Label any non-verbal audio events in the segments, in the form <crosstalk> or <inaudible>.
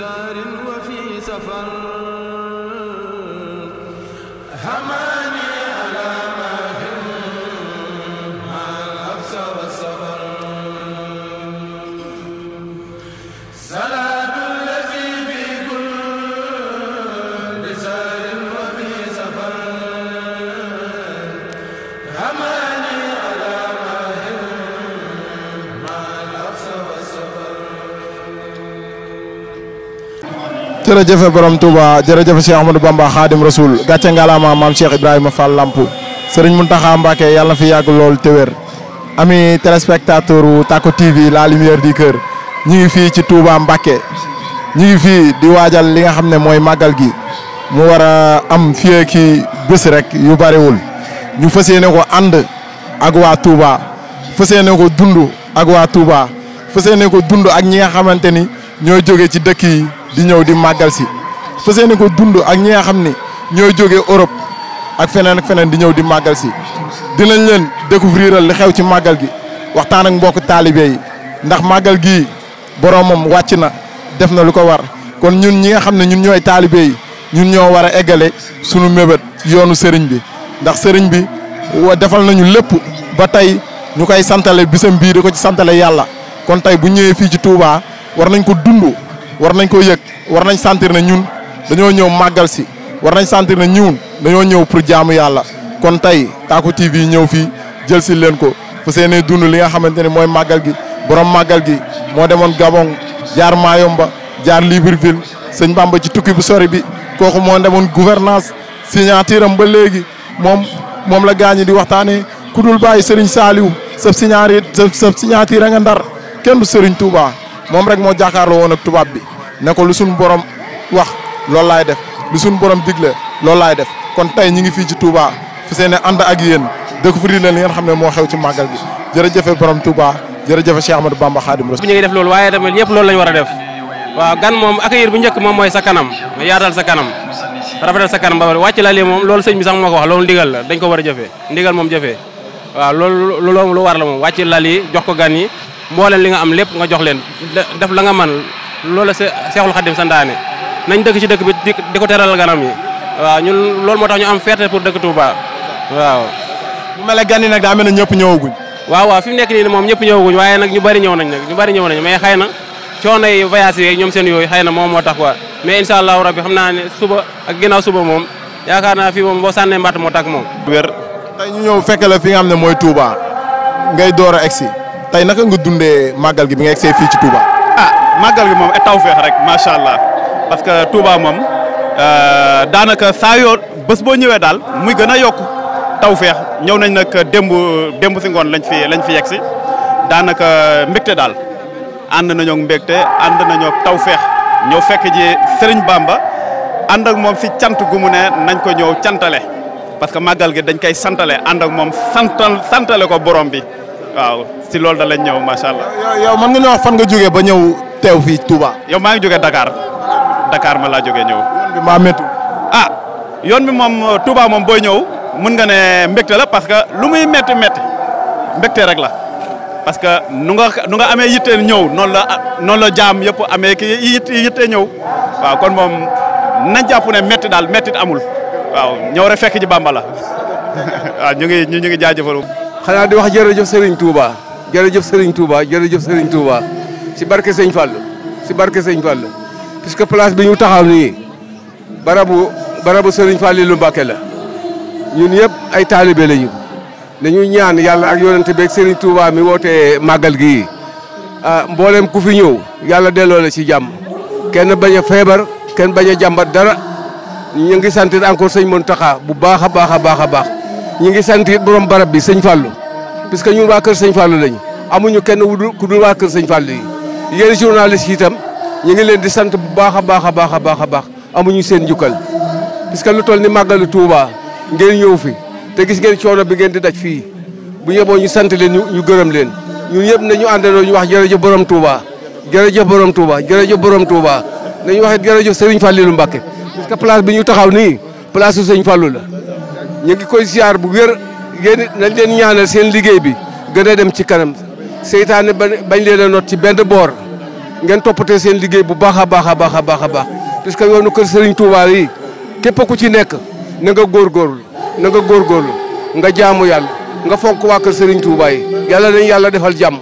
سار وفي سفر jërëjëf borom Touba jërëjëf Cheikh Ahmadou Bamba Khadim Rasoul gàcce ngalaama maam Cheikh Ibrahima Fall Lamp Serigne Mountakha Mbacké yàlla na fi yàgg loolu te wér ami téléspectateur wu Tacko TV la lumière di cœur ñu ngi fii ci Touba Mbacké ñu ngi fii di waajal li nga xam ne mooy màggal gi mu war a am fii ki bés rek yu bariwul ñu fas yéene ko ànd ak waa Touba fas ko dund ak waa Touba fas yéene dund ak ñi nga xamante ni ñooy jóge ci dëkk yi. di ñëw di màggal si fas ko dund ak ñi nga xam ni ñooy jóge Europe ak feneen ak feneen di ñëw di màggal si dinañ leen découvriral li xew ci màggal gi waxtaan ak mbokk taalibe yi ndax màggal gi boromam wàcc na def na lu ko war kon ñun ñi nga xam ne ñun ñooy taalibe yi ñun ñoo war a eggale sunu mébét yoonu sëriñ bi ndax sëriñ bi wa defal nañu lépp ba tey ñu koy santale bisam bii di ko ci santale yàlla kon tey bu ñëwee fii ci Touba war nañ ko dund war nañ ko yëg war nañ santiir ne ñun dañoo ñëw màggal si war nañ sentir ne ñun dañoo ñëw pour jaamu yàlla kon tey Tacko TV ñëw fii jël si leen ko fa seenee dund li nga xamante ne mooy màggal gi borom màggal gi moo demoon Gabon jaar Mayomba jaar Libreville sëñ Bamba ci tukki bu sori bi kooku moo demoon gouvernance signature am ba léegi moom moom la gaañi di waxtaanee ku dul bàyyi Serigne Saliou sa signature sa signature a nga ndar kenn du Serigne Touba moom rek moo jàkkaarloo woon ak tubaab bi ne ko lu suñu borom wax loolu laay def lu suñu borom digle loolu laay def kon tey ñi ngi fii ci Touba fu seen and ak yéen découvrir leen li ngeen xam ne moo xew ci màggal bi jërëjëfe borom Touba jërëjëfe Cheikh Ahmadou Bamba Khadim Rasoul ñu ngi def loolu waaye tamit ñëpp loolu lañu war a def waaw gan moom accueillir bu njëkk moom mooy sa kanam yaatal sa kanam rafetal sa kanam ba wàcc la lii moom loolu sëñ bi sa moo ko wax loolu ndigal ko war a jëfee ndigal moom jëfee waaw loolu loolu lu war la moom wàcc lal jox ko gan yi mbooleen li nga am lépp nga jox leen def la nga man loola Seexul Xadim santaane nañ dëkk ci dëkk bi di ko teral ganam yi waaw ñun loolu moo tax ñu am fierté pour dëkk Touba waaw bu mel ne gan yi nag daa mel ne ñëpp ñëwaguñ waaw waaw fi mu nekk nii moom ñëpp ñëwaguñ waaye nag ñu bari ñëw nañ nag ñu bari ñëw nañ mais xëy na coono yi voyage yi ñoom seen yooyu xëy na moom moo tax quoi mais incha allahu rabbi xam naa ne suba ak ginnaaw suba moom yaakaar naa fii moom boo sànnee mbatt moo tak moom wér tey ñu ñëw fekk la fi nga xam ne mooy Touba ngay door a egsi tey naka nga dundee màggal gi bi nga egsee fii ci Touba. ah màggal gi moom tawféex rek macha allah parce que Touba moom euh, daanaka saa yoo bës boo ñëwee daal muy gën a yokk tawféex ñëw nañ nag démb démb si ngoon lañ fi lañ fi yegg si daanaka euh, mbégte daal ànd nañoo mbégte ànd nañoo tawféex ñëw fekk ji Serigne Bamba ànd ak moom si cant gu ne nañ ko ñëw cantale parce que màggal gi dañ koy santale ànd ak moom santal santale ko borom bi. waaw si loolu da lañ ñëw macha allah. yow mën nga ñoo wax fan nga jógee ba ñëw teew fii Touba. yow maa ngi jógee Dakar dakaar ma laa jógee ñëw. yoon bi maa métti. ah yoon bi moom Touba moom booy ñëw mën nga ne mbégte la parce que lu muy métti métti rek la. parce que nu nga nu nga amee yitte ñëw noonu la noonu la jaam yëpp amee ki yitte ñëw waaw kon moom nañ jàpp ne métti daal méttit amul waaw ñëw rek fekk ji Bàmba la <laughs> waaw xanaa di wax jërëjëf Serigne Touba jërëjëf Serigne Touba jërëjëf Serigne Touba si barke Sëñ Fallou si barke Sëñ Fallou puisque place bi ñu taxaw nii barabu barabu Serigne Fallou Mbacké la ñun yëpp ay taalibe lañu dañuy ñaan yàlla ak yonente beeg Serigne Touba mi woote màggal gi ah mboolem ku fi ñëw yàlla delloo la ci jàmm kenn bañ a feebar kenn bañ a jàmbat dara ñu ngi sant encore sëñ Mountakha bu baax a baax a baax a baax ñu ngi sant borom barab bi sëñ parce que ñun waa Kër Sëñ Fallou lañu amuñu kenn ku dul waa Kër Sëñ fa yi yéen journaliste yi itam ñu ngi leen di sant bu baax a baax a baax a baax a baax amuñu seen njukkal puisque lu toll ni màggalu Touba ngeen ñëw fi te gis ngeen coono bi ngeen di daj fii bu yeboo ñu sant leen ñu gërëm leen ñun yëpp ñu àndandoo ñu wax jërëjëf borom Touba jërëjëf borom Touba jërëjëf borom Touba nañu wax jërëjëf Serigne Fallilou Mbacké parce que place bi ñu taxaw nii place su f Fallou la ñu ngi bu wér yéen nañ leen ñaanal seen liggéey bi gën a dem ci kanam seytaane bañ leen a not ci benn boor ngeen toppatee seen liggéey bu baax a baax a baax a baax a baax puisque yoonu kër Serigne Touba yi képp ku ci nekk na nga góorgóorlu na nga góorgóorlu nga jaamu yàlla nga fonk waa kër sëriñ tuubaay yi yàlla nañ yàlla defal jàmm.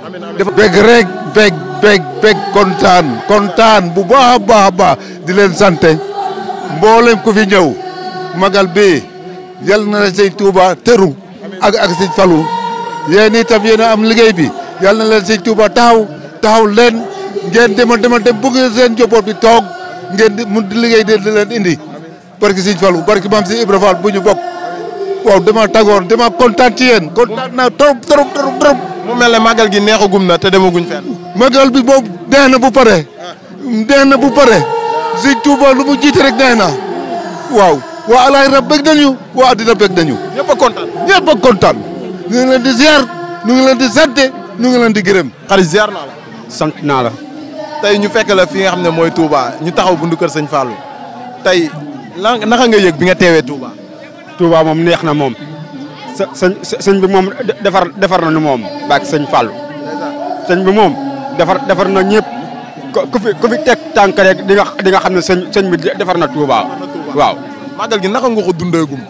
bég rek beg beg beg kontaan kontaan bu baax a baax a baax di leen sant mboolem ku fi ñëw magal bi yàlla na la Serigne Touba ak ak sëñ Fallou yéen itam yéen am liggéey bi yàlla na leen sëñ Touba taxaw taxaw leen ngeen demal demal dem bëgg seen njaboot bi toog ngeen di mun di liggéey di leen indi barki sëñ Fallou barki maam si Ibra Fall bu ñu bokk waaw dama tàggoon dama kontaan ci yéen kontaan naa trop trop trop trop. mu mel ne màggal gi neexagum na te demaguñ fenn. màggal bi boobu neex na bu pare. Ah. neex bu pare. sëñ Touba lu mu jiit rek neex na waaw. waa Alahira bëgg nañu waa addina bëgg nañu. ñëpp a kontaan ñëpp a kontaan. ñu ngi ñu ngi leen di sant ñu ngi leen di gërëm. xarit ziar naa naa la. tey ñu fekk fi nga xam ne mooy Touba ñu taxaw bundu kër sëñ Fallou tey lan naka nga yëg bi nga teewee Touba. Touba moom neex na moom. sa sëñ bi moom defar defar na nu moom. baak sëñ Fallou. sëñ bi moom defar defar na ñëpp. ku fi ku fi teg tànk rek di di nga xam ne sëñ sëñ bi defar na Touba waaw. màggal gi naka nga ko dundeegum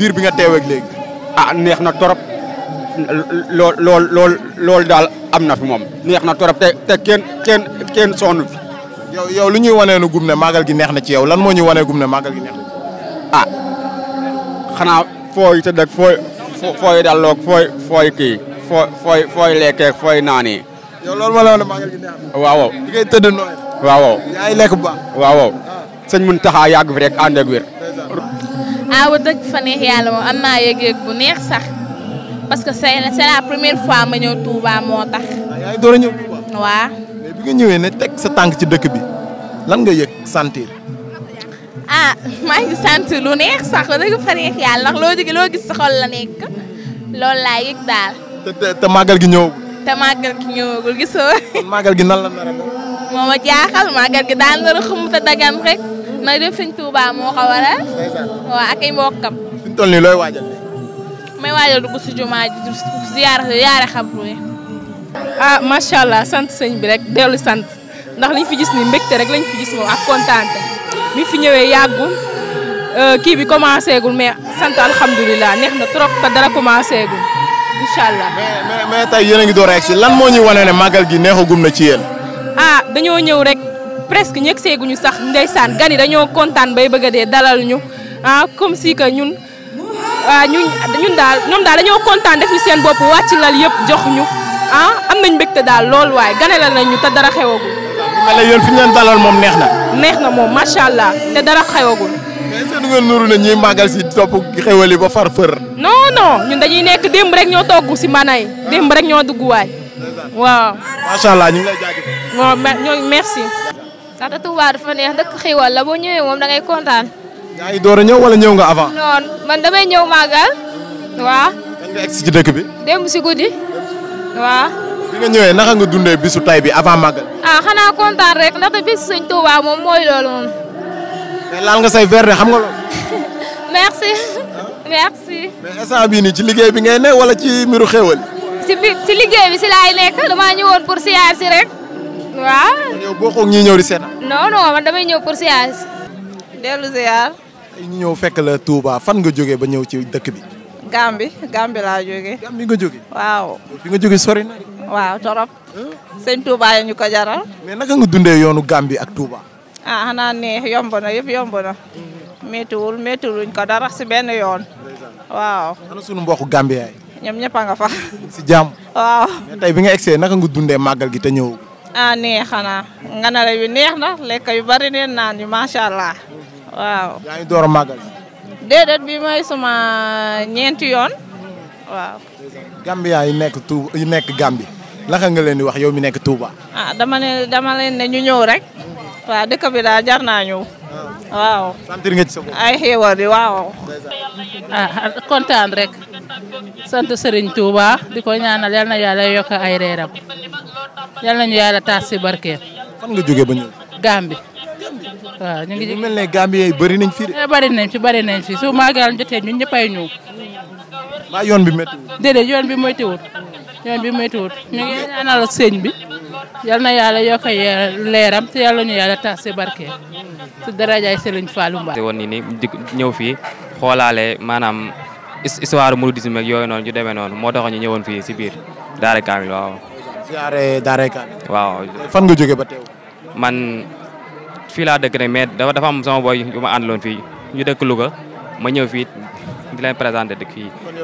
diir bi nga teeweeg léegi. ah neex na torop lool lool loolu daal am na fi moom. neex na torop te te kenn kenn kenn sonn fi. yow lu ñuy wanee nu gum ne màggal gi neex na ci yow lan moo ñuy wanee gum ne màggal gi neex na ci ah, xanaa fooy tëdd ak fooy fooy dalloog fooy fooy kii fooy fooy fooy lekkee fooy naanee. yow loolu ma la wax màggal gi neex na. waaw waaw. mun taxaa yàgg fi rek ànd ak wér. awa ah, dëgg fa neex moom am naa yëg-yëg bu neex sax parce que c'est la première fois ma ñëw Touba moo tax. waaw ah, yaa a ñëw Touba. waaw. bi nga ñëwee ne teg sa tànk ci dëkk bi lan nga yëg sentir. ah maa ngi sentir lu neex sax fa neex ndax loo jógee loo gis sa la nekk loolu laa yëg daal. te te gi ñëwagul. te màggal gi ñëwagul gisoo. kon màggal gi nan la nar a <laughs> moom a jaaxal màggal gi daal nar a xum te dagan rek. may def sëñ moo ko waral. waaw ak ay mbokkam. fi mu toll nii looy waajal. may waajal dugg si jumaa ji ziyaare ziyaare xabru yi. ah macha allah sant sëñ bi rek dellu sant ndax liñ fi gis ni mbégte rek lañ fi gis moom ak kontaante mi fi ñëwee yàggul euh, kii bi commencé gul mais sant alhamdulilah neex na trop te dara commencé gul incha allah. mais mais mais tey yéen lan moo ñuy wane ne màggal gi neexagum na ci yéen. ah dañoo rek. presque ñëg seeguñu sax ndeysaan gan yi dañoo kontaan bay bëgg a dee dalal ñu ah comme siika ñun ah ñun daal ñoom daal dañoo kontaan def ñu seen bopp wàcc lal yëpp jox ñu ah am nañ mbégte daal lool waaye ganelal nañ ñu te dara xewagul. mel na yéen fi ñu leen moom neex na. neex na moom macha allah te dara xewagul. mais est-ce que nuru ne ñuy màggal si topp xewal yi ba far fër. non ñun dañuy nekk démb rek ñoo togg si manay démb rek ñoo dugg waay. waaw. macha allah lay ndaxte Touba dafa neex dëkk xiiwal la boo ñëwee moom da ngay kontaan. yaa ngi door a ñëw wala ñëw nga avant. non man damay ñëw màggal. waaw. nga egg si ci dëkk bi. démb si guddi. waaw. bi nga ñëwee naka nga dundee bisu tay bi avant màggal. ah xanaa kontaan rek ndaxte bis sëñ Touba moom mooy loolu moom. mais laal nga say verre xam nga loolu. <laughs> merci. Ah. merci. mais instant bii nii ci liggéey bi nga ne wala ci mbiru xéewal. si liggéey bi si laay nekk damaa ñëwoon pour si rek. waaw kon yow boo xoog ñi ñëw di seetaan. non non man damay ñëw pour siyaas. siyaar. ñu ñëw fekk la Touba fan nga jógee ba ñëw ci dëkk bi. Gambi Gambi laa jógee. Gambi nga waaw. fi nga jógee sori na. waaw torop. sëñ Touba yi ñu ko jaral. mais naka nga dundee yoonu Gambi ak Touba. ah xanaa neex yomb na yëpp yomb na. Mhm. méttiwul méttiwuluñ ko dara si benn yoon. waaw. ana sunu mbokku Gambi yaay. ñoom nga fa. si jàmm. <laughs> waaw. mais tey bi nga egsee naka nga dundee màggal gi te ñëw. a ah, neex xanaa nganare bi neex na lekk yu bari neen naan yu macha allah waaw. yaa door a màggal. déedéet bi mooy suma ñeenti yoon waaw. Gambia yi nekk nekk Gambie naka nga leen di wax yow mi nekk tuuba ah dama ne leen ne ñu ñëw rek. waaw dëkk bi daal jar naa ñëw. waaw. sant nga ci sa ay xéewal di waaw. ah kontaan rek. sant Serigne Touba di ko ñaanal yal na yàlla yokk ay reeram. yal nañu yàlla taas si barkeel. fan nga jógee ba ñëw. Gambie. waaw ñu ngi. ñu mel ne Gambie eh, nañ fi de. nañ fi bëri nañ fi su maagal jotee ñun ñëppay ñëw. yoon bi méttiwul. yoon bi méttiwul. yoon bi méttiwul ñu ñaanal sëñ bi. yal na yàlla yokk leeram te yal nañu yàlla taas si barkeel. su darajaay Sëriñ Fallou Mbacké. woon ni ñëw fii xoolaale maanaam histoire mouridisme ak yooyu noonu ju demee noonu moo tax ñu ñëwoon fii si biir Daara waaw. ziare Daaray Kaamil. waaw fan nga jógee ba tew man fii laa dëkk ne mais dafa dafa am sama boy yu ma àndaloon fii ñu dëkk luga ma ñëw fii di leen présenté dëkk fii. kon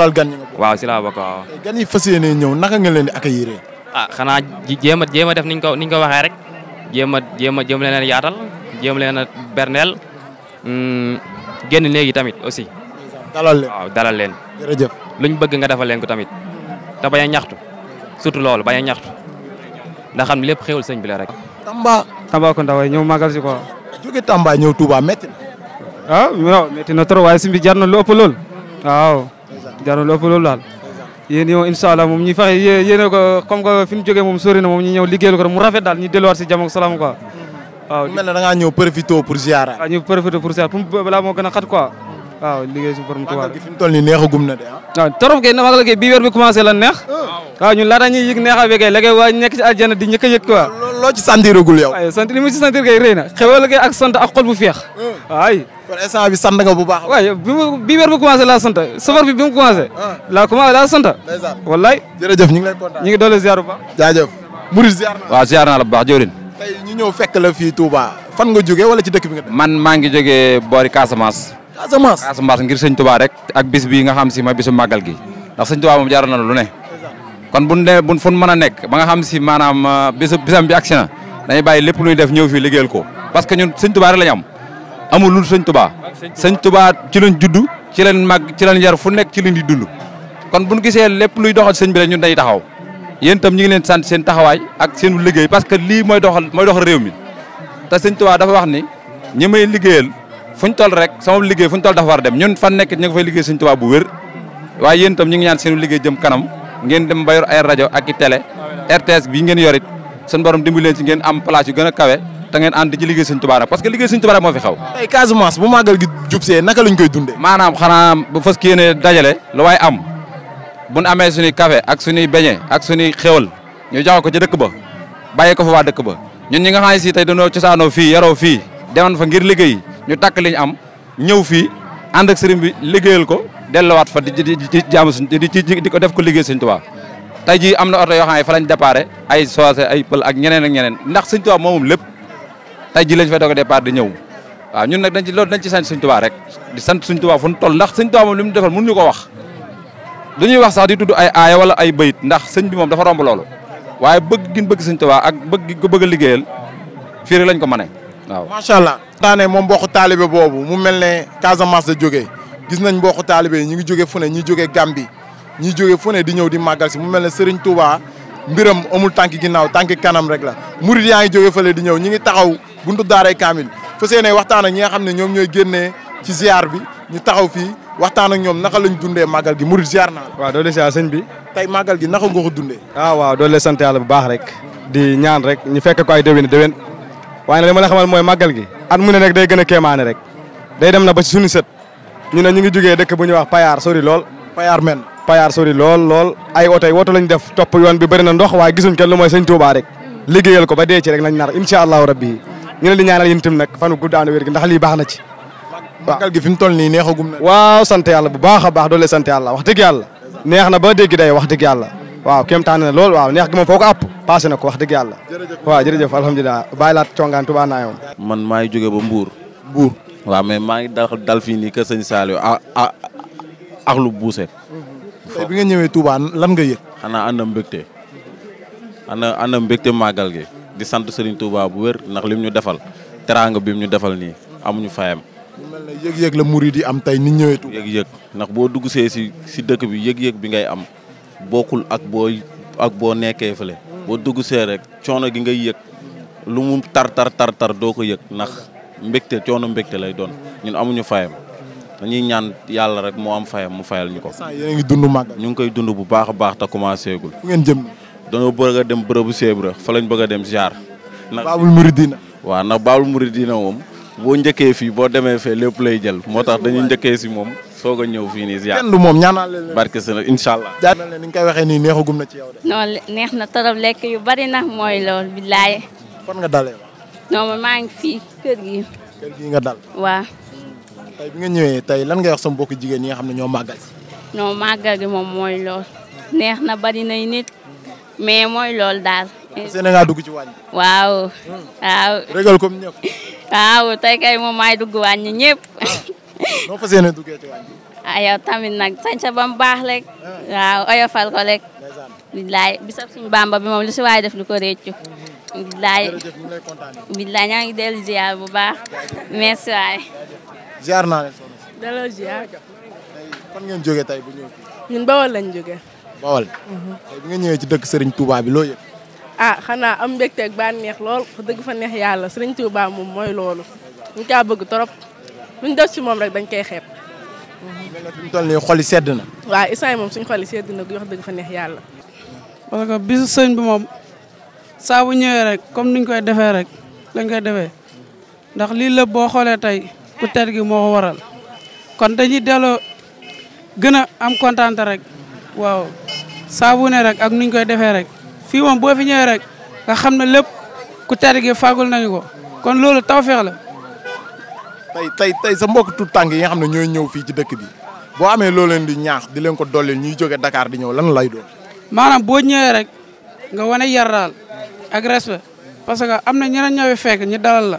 yow gan ñi nga bokk. waaw si laa bokk waaw. gan yi fas ñëw naka nga leen di accueillir. ah xanaa ji jéem a jéem a def niñ ko niñ ko waxee rek jéem a jéem a jéem leen a yaatal jéem leen a berneel hmm, génn léegi tamit aussi. dalal leen waaw dalal leen. luñ bëgg nga defa leen ko tamit te bañ ñaxtu. surtout loolu bañ a ñaxtu ndax xam ne lépp xéwul sëñ bi la rek. Tamba. Tambacounda waaye ñëw màggal si quoi. jóge Tamba ñëw Touba métti na. ah waaw métti na trop waaye suñ bi jar na lu ëpp lool waaw. jar na lu ëpp lool daal. yéen yow incha allah moom ñi fexe ko comme que fi ñu jógee moom sori na moom ñu ñëw liggéeyal ko mu rafet daal ñu delluwaat si jàmm salaam quoi. waaw mel na da ngaa ñëw profité pour ziara. waaw ñëw profité a xat quoi. waaw liggéey si borom Tuubaa gi fi mu toll nii neexagum ah. bi commencé la neex. Ah. waaw ñun laata ñuy yëg neexal bi kay léegi waa nekk ci di ñëkk a yëg quoi. loo ci santiragul yow. waaye sant ci santir kay rëy na xewal ak sant ak xol bu feex. Ah. waay. kon instant bi sant nga bu baax. bi bi mu commencé. laa commencé laa sant. ndeysaan wallaay. jërëjëf ñu ngi lay kontaan ñu ngi doole ziar bu baax. jaajëf Mouride ziar naa la. waaw ziar naa la bu baax jëwrin. tey la fii Touba fan nga jógee ci dëkk bi nga. man maa ngi jógee Casamance Casamance ngir sëñ Tuubaa rek ak bis bii nga xam si ma bisu màggal gi ndax sëñ Tuubaa moom jaral na lu ne kon bu de buñ fun mën a nekk ba nga xam si maanaam euh, bisu bisam bi agsi na dañuy bàyyi lépp luy def ñëw fii liggéeyal ko parce que ñun sëñ Tuubaa rek la ñu am amul lu sëñ Tuubaa sëñ tubaa ci lañ juddu ci lañ màgg ci lañ jar fu nekk ci lañ di dund kon buñ gisee lépp luy doxal sëñ bi rek ñun dañuy taxaw yéen itam ñu ngi leen sant seen taxawaay ak seen liggéey parce que lii mooy doxal mooy doxal réew mi te sëñ Tuubaa dafa wax ni ñi may liggéeyal fu ñu toll rek sama liggéey fu ñu toll dafa war dem ñun fan nekk ñu ngi fay liggéey Sëñ Tuubaa wér waaye yéen ñu ngi ñaan seen liggéey jëm kanam ngeen dem ba yor ay rajo ak i télé RTS bii ngeen yorit seen borom dimbali leen ci ngeen am place yu gën a kawe te ngeen ànd ci liggéey Sëñ Tuubaa nag parce que liggéey Sëñ Tuubaa moo fi xaw tey bu màggal gi jub see naka lañ koy dundee maanaam xanaa ba fas kii ne dajale lu waay am bu ñu amee suñuy café ak suñuy beñe ak suñuy xewal ñu jox ko ci dëkk ba bàyyi ko fa waa dëkk ba ñun ñi nga xam ne tey dañoo cosaanoo fii yaroo fii demoon fa ngir liggéey ñu takk li ñu am ñëw fii ànd ak sëriñ bi liggéeyal ko dellowaat fa di di jaamu suñ di di ko def ko liggéey Sëriñ Tuubaa tey ji am na oto yoo xam ne fa lañ déparé ay soose ay pël ak ñeneen ak ñeneen ndax Sëriñ Tuubaa moomum lépp tey ji lañ fay doog a di ñëw waaw ñun nag dañ ci loolu dañ ci sant Sëriñ Tuubaa rek di sant Sëriñ Tuubaa fu ñu toll ndax Sëriñ Tuubaa moom li mu mun ñu ko wax dañuy wax sax di tudd ay aaya wala ay bayit ndax sëñ bi moom dafa romb loolu waaye bëgg gin bëgg Sëriñ Tuubaa ak bëgg ko bëgg a liggéeyal lañ ko mënee waaw macha allah. daanee moom mbokku taalibe boobu mu mel ne Casamance da jógee gis nañ mbokku taalibe yi ñu ngi jóge fune ne ñi jóge Gambie ñi jóge fu di ñëw di màggal si mu mel ne Serigne Touba mbiram amul tànk ginnaaw tànk kanam rek la murid yaa ngi jóge fële di ñëw ñi ngi taxaw buntu daaray Kaamil fa seenee waxtaan ak ñi nga xam ne ñoom ñooy génnee ci ziar bi ñu taxaw fii waxtaan ak ñoom naka lañ dundee màggal gi murid ziar naa waaw doole ziar sëñ bi tey magal gi naka nga ko dundee ah waaw doole sant yàlla bu baax rek di ñaan rek ñu fekk ko ay déwén déwén waaye nag li ma la xamal mooy màggal gi at mu ne rek day gën a kéemaane rek day dem na ba sunu suñu sët ñu ne ñu ngi jógee dëkk bu ñuy wax Payar sori lool Payar men Payar sori lool lool ay oto woto lañ def topp yoon bi bari na ndox waa gisuñ kenn lu mooy sëñ Touba rek liggéeyal ko ba dee ci rek lañ nar incha allahu rabbi ñu ne li ñaanal yéen itam nag fanu gudd ànd wér gi ndax li baax na ci màggal gi fi mu toll nii neexagum na waaw sant yàlla bu baax a baax doole sant yàlla wax dëgg yàlla neex na ba dégg day wax dëgg yàlla waaw kéemtaan na lool waaw neex gi moom foo ko àpp passé na ko wax dëgg yàlla waaw jërëjëf alhamdulilah bàyyi laat congaan tubaa naa man maa ngi jóge ba Mbour Mbour waaw mais maa ngi dal dal fii nii kër sëñ Saliou a ak lu buuse bi nga ñëwee Touba lan nga yëg xanaa àndam mbégte ana ana mbégte màggal gi di sant Serigne Touba bu wër ndax lim ñu defal teraanga bi ñu defal nii amuñu fayam. mu yëg-yëg la murid yi am tey ni ñëwee Touba. yëg-yëg ndax boo dugg see si si dëkk bi yëg-yëg bi ngay am bokkul ak boo ak boo nekkee fële boo dugg see rek coono gi ngay yëg lu mu tar tar tar tar doo ko yëg nax mbégte coono mbégte lay doon ñun amuñu fayam dañuy ñaan yàlla rek moo am fayam mu fayal ñu ko. yéen a ngi dund màgg. ñu ngi koy dund bu baax baax te commencé gul. fu ngeen jëm. dañoo bëgg a dem bërëbu Sèye fa lañ bëgg a dem ziar. ndax Baabul Muridina. waaw ndax Baabul Muridina moom boo njëkkee fii boo demee fee lépp lay jël moo tax dañuy njëkkee si moom. soog a ñëw fii nii ziar kenn du moom ñaanal leen barke sa incha allah. ñaanal leen ni nga koy waxee nii neexagum na ci yow de. non neex na torop lekk yu bari nag mooy lool billaaye. fan nga dalee wa. non man maa ngi fii kër gi. kër gi nga dal. waaw. tey bi nga ñëwee tey lan ngay wax sama mbokku jigéen ñi nga xam ne ñoo màggal si. non màggal gi moom mooy lool. neex na bari nay nit. mais mooy lool daal. Sénégal dugg ci wàññi. waaw. Hmm. waaw. régal comme ñëpp. <laughs> waaw tey kay moom maay dugg wàññi ñëpp. Ah. <laughs> noo fas yéene duggee ci ah, nag sànca ba mu baax rek. Ah. waaw oyofal ko rek. billaay bisab suñu bamba bi moom lu si waay def lu ko réccu. billaay billaay ñaa ngi dellu ziar bu baax. merci waay. ziar naa leen soxna si. delloo ziar. tey fan ngeen jógee tey bu ñëw fii. ñun bawal lañ jógee. bawal. Mhm. tey bi nga ñëwee ci dëkk Serigne Touba bi loo ah, xanaa am mbégteeg bànneex lool dëgg fa neex yàlla Serigne moom mooy loolu. ñu kaa bëgg trop. lu ñu def si moom rek dañ koy xeeb. loolu la fi xol yi sedd na. waaw instant moom suñ xol yi sedd na wax dëgg fa neex yàlla. parce que bisu sëñ bi moom saa bu ñëwee rek comme niñ koy defee rek lañ koy defee ndax lii lépp boo xoolee tey ku tedd gi moo waral kon dañuy delloo gën a am kontaan rek waaw saabu bu ne rek ak nuñ koy defee rek fii moom boo fi ñëwee rek nga xam ne lépp ku tedd gi fagul nañu ko kon loolu tawfeex la. tey tey tey sa mbokk tut tànk yi nga xam ne ñooy ñëw fii ci dëkk bi boo amee loo leen di ñaax di leen ko dolli ñuy jóge Dakar di ñëw lan lay doon. maanaam boo ñëwee rek nga wane yar daal ak respect parce que am na ñeneen ñoo fekk ñu dalal la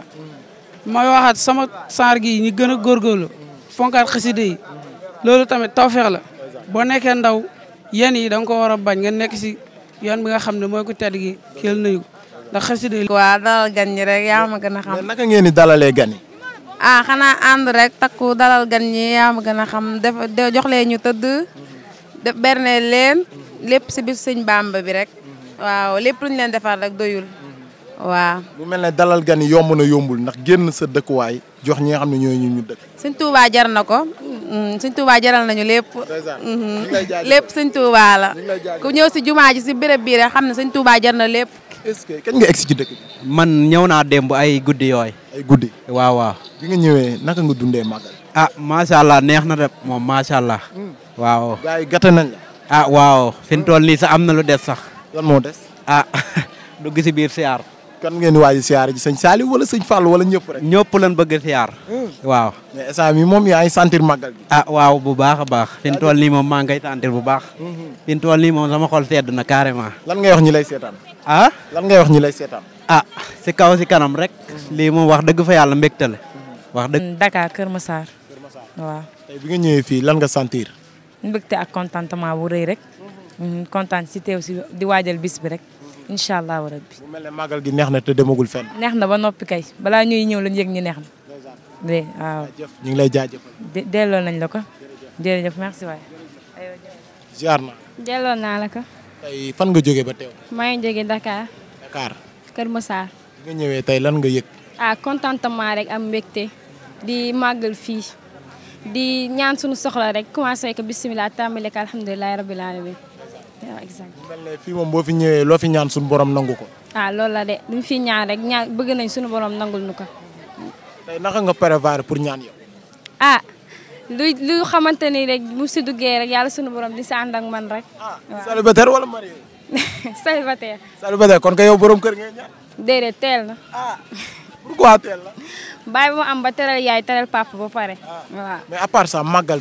mooy waxaat sama saar gi ñi gën a góorgóorlu fonkaat xasida yi loolu tamit tawfeex la boo nekkee ndaw yéen yi danga ko war a bañ nga nekk si yoon bi nga xam ne mooy ku tedd gi kéel nañu ndax xasida yi. waaw dalal gan ñi rek yaa ma gën a xam. ngeen di dalalee gan yi ah xanaa ànd rek takku dalal gan ñi yaam gan gën a xam def jox leen ñu tëdd def berne leen lépp si bisu sëñ Bàmba bi rek waaw lépp lu leen defar rek doyul waaw. bu mel ne dalal gan yi yomb na yombul ndax génn sa dëkkuwaay jox ñi nga xam ne ñooy ñu ñu dëkk. sëñ Touba jar na ko mm, sëñ Touba jaral nañu lépp. Mm-hmm. lépp sëñ Touba la. ku ñëw si jumaa ji si béréb bii rek xam ne sëñ Touba jar na lépp. est-ce que kañ nga ci dëkk man ñëw naa démb ay guddi yooyu. guddi waaw waaw. bi nga ñëwee naka nga dundee màggal. ah macha allah neex na de moom macha allah. Hmm. waaw. gars yi gàtt ah, waaw fi mu toll sax am na lu des sax. lan moo des. ah <laughs> si biir siyaar. kan ngeen waaj a siyaare ji sëñ Saliou wala sëñ Fall wala ñëpp rek. ñëpp lañ bëgg a siyaar. Hmm. waaw. mais instant bi moom yaa ngi sentir màggal gi. ah waaw bu baax a baax. fi mu toll nii moom maa ngay sentir bu baax. Hmm, hmm. fi mu toll nii moom sama xol sedd na carrément. lan ngay wax ñi lay seetaan. a ah? lan ngay wax ñi lay seetaan. ah si kaw si kanam rek. lii moom wax dëgg fa yàlla mbégte la. wax dëgg. Dakar Kër Massar. Kër Massar waaw. incha allahu rabbi. bu màggal gi neex na te demagul fenn. neex na ba noppi kay balaa ñuy ñëw lañ yëg ñu neex na. de waaw ñu ngi lay jaajëfal. delloo nañ la ko. jërëjëf merci waay. ziar na. naa la ko. fan nga jóge ba teew. maa ngi jógee Dakar. Dakar. Kër Massar. bi nga ñëwee tey lan nga yëg. ah contentement rek am mbégte. di màggal fii. di ñaan suñu soxla rek commencé ko bisimilah tàmbale ko alhamdulilah rabil alamin waaw exact mel ne fii moom boo fi ñëwee loo fi ñaan suñu borom nangu ko ah loolu la de duñ fi ñaan rek ñaan bëgg nañ suñu borom nangul ñu ko tey naka nga prévoir pour ñaan yow ah lu lu xamante ni rek bu si duggee rek yàlla suñu borom di si ànd ak man rek ah, waaw célibataire wala marié <laughs> célibataire célibataire kon kay yow borom kër ngay ñaan déedéet teel na ah pourquoi teel la bàyyi ba mu am ba teral yaay ah.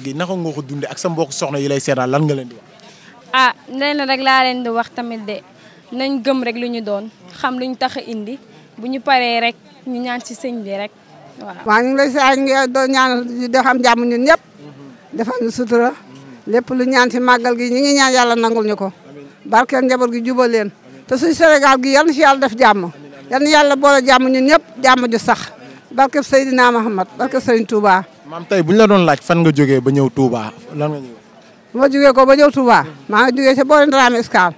gi naka nga ko dundee ak sa mbokk soxna yi lay seetaan nga leen ah leen rek laa leen di wax tamit de nañ gëm rek lu ñu doon xam lu ñu tax a indi bu ñu paree rek ñu ñaan ci sëñ bi rek waaw. ngi lay saa ñu doon di xam jàmm ñun ñëpp defal ñu sutura lépp lu ñaan ci màggal gi ñu ngi ñaan yàlla nangul ñu ko barkeel njaboot gi jubal leen te suñu Sénégal gi yal na ci yàlla def jàmm yal yàlla boole jàmm ñun ñëpp jàmm ju sax barkeel Seydina Mahamad barkeel Sëriñ Touba. maam tey ñu la doon laaj fan nga jógee ba ñëw Touba lan bu ma jugee ko ba ñëw Touba maa ngi jugee ca boori Ndaraam Escale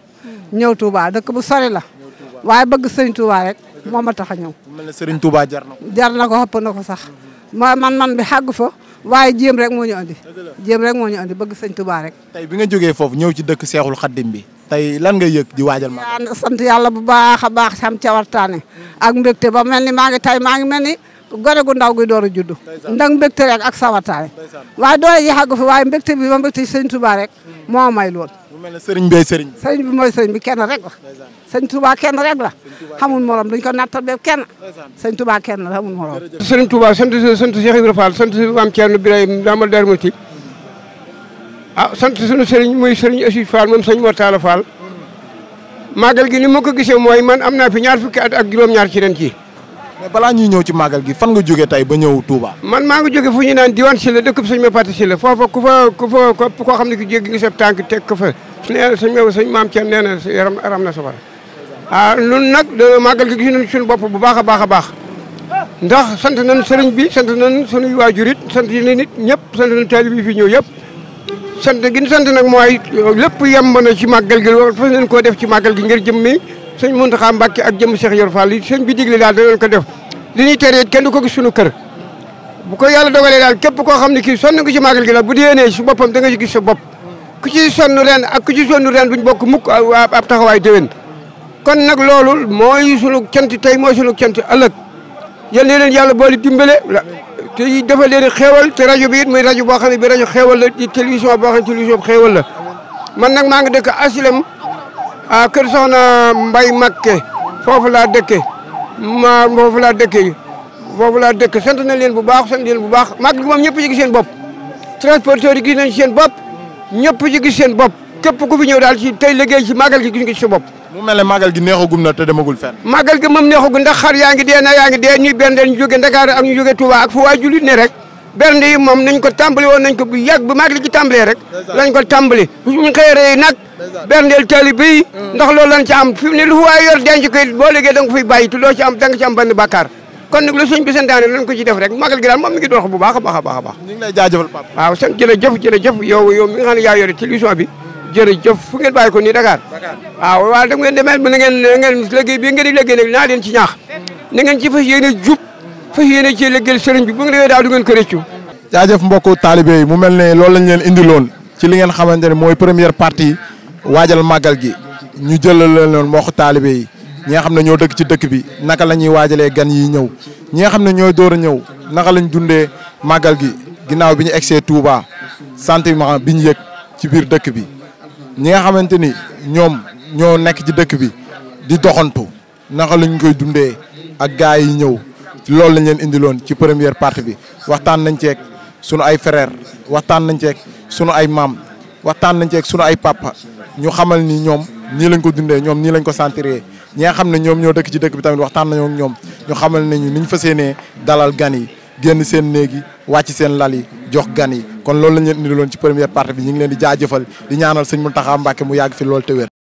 ñëw tubaa dëkk bu sori la waaye bëgg sëñ Touba rek moom ma tax a ñëw. mel na Serigne jar na ko. jar na ko xëpp na ko sax ma man man bi xàgg fa waaye jéem rek moo ñu andi. jéem rek moo ñu andi bëgg sëñ Touba rek. tey bi nga jógee foofu ñëw ci dëkk Seexul Xaddim bi. tey lan ngay yëg di waajal ma. sant yàlla bu baax a baax sam cawartaane ak mbégte ba mel ni maa ngi tey maa ngi mel gone gu ndaw gi door a judd ndax rek ak sawataane waaye doole ji xàggu fi waaye mbégte bi ba mbégte sëñ Touba rek moo may lool sëriñ bi sëriñ bi mooy sëriñ bi kenn rek la sëñ Touba kenn rek la xamul morom duñ ko nattal bépp kenn sëñ Touba kenn la xamul morom sëriñ Touba sant sant Cheikh Ibrahima Fall sant maam Thierno Birahim daamal Daaru Musti ah sant sunu sëriñ muy sëriñ Assis Fall moom sëñ Mortala Fall mm. màggal gi ni ma ko gisee mooy man am naa fi ñaar fukki at ak juróom-ñaar ci ren ci mais balaa ñuy ñëw ci màggal gi fan nga jógee tey ba ñëw tuubaa man maa ngi jóge fu ñu naan diwaan si la dëkk bi sëñ ma pàtti si la foofa ku fa ku fa koo xam ne ki jéggi ngi sab tànk teg ko fa nee na sëñ ma sëñ maam Thierno nee na yaram na safara ah nun nag da màggal gi gis nañ suñu bopp bu baax a baax a baax ndax sant nañ sëriñ bi sant nañ suñuy waajur it sant yi nit ñëpp sant nañ taalib yi fi ñëw yëpp sant gi ñu sant nag mooy lépp yemb na ci màggal gi loolu fas nañ koo def ci màggal gi ngir jëmmi sëñ Muntaxa Mbàkke ak jëm Cheikh Yor Fall li sëñ bi digle daal danañ ko def li ñuy tere kenn du ko gis suñu kër bu ko yàlla dogalee daal képp koo xam ne kii sonn nga ci màggal gi daal bu déwénee si boppam da nga gis sa bopp ku ci sonn ren ak ku ci sonn ren buñ bokk mukk ab taxawaay déwén kon nag loolu mooy sunu cant tey mooy sunu cant ëllëg yal na leen yàlla boole dimbale te dafa leen xeewal te rajo bi it muy rajo boo xam ne bi rajo xeewal la di télévision boo xam ne télévision bu la man nag maa ngi dëkk asilem ah kër soxna Mbay Makke foofu laa dëkke ma foofu laa dëkke foofu laa dëkke sant na leen bu baax sant leen bu baax màgg gi moom ñëpp ci gis seen bopp transporteurs yi gis nañ seen bopp ñëpp ci gis seen bopp képp ku fi ñëw daal ci tey liggéey ci màggal gi gis nga ci sa bopp mu mel ne màggal gi neexagum na te demagul fenn màggal gi moom neexagum ndax xar yaa ngi dee na yaa ngi dee ñuy bernde ñu jóge Ndakaar ak ñu jóge Touba ak fu waay julit ne nañ ko tàmbali woon nañ ko bu yàgg bu màggal gi tàmbalee rek lañ ko tàmbali ñu berndeel taalibe yi mm. ndax loolu lañ fi mu lu waay yor denc ko boo liggéey da nga ko fiy bàyyi te doo ci am da nga ci am benn bàkkaar kon nag lu suñ bi santaane lañ ko ci def rek magal gi moom mi ngi dox bu baax a baax a baax a baax ñu ngi lay jaajëfal Pape yow yow mi nga xam ne yaa yore télévision bi jërëjëf fu ngeen bàyyi ko nii Dakar waaw waaw da ngeen demee ba na ngeen ngeen liggéey bi ngeen di liggéey nag naa leen ci ñaax na ngeen ci fas yéene jub fas yéene ci liggéeyal sëriñ bi bu ngeen yooyu daal du ngeen ne loolu lañ leen indiloon waajal màggal gi ñu jëlal leen loon moo ko taalibe yi xam ne ñoo dëkk ci dëkk bi naka la ñuy waajalee gan yi ñëw ñi nga xam ne ñooy door a ñëw naka lañ dundee màggal gi ginnaaw bi ñu egsee Touba santiment bi ñu yëg ci biir dëkk bi ñi nga xamante ni ñoom ñoo nekk ci dëkk bi di doxantu naka lañ koy dundee ak gaa yi ñëw loolu lañ leen indiloon ci première partie bi waxtaan nañ ceeg sunu ay frères waxtaan nañ ceeg sunu ay maam waxtaan nañ ceeg sunu ay papa ñu xamal ni ñoom nii lañ ko dundee ñoom nii lañ ko sentiree ñi nga xam ne ñoom ñoo dëkk ci dëkk bi tamit waxtaan nañoo ñoom ñu xamal nañu niñ fa yéenee dalal gan yi génn seen néeg yi wàcc seen lal yi jox gan yi kon loolu lañ leen indiloon ci première partie bi ñu ngi leen di jaajëfal di ñaanal sëñ Mountakha Mbacké mu yàgg fi loolu te wér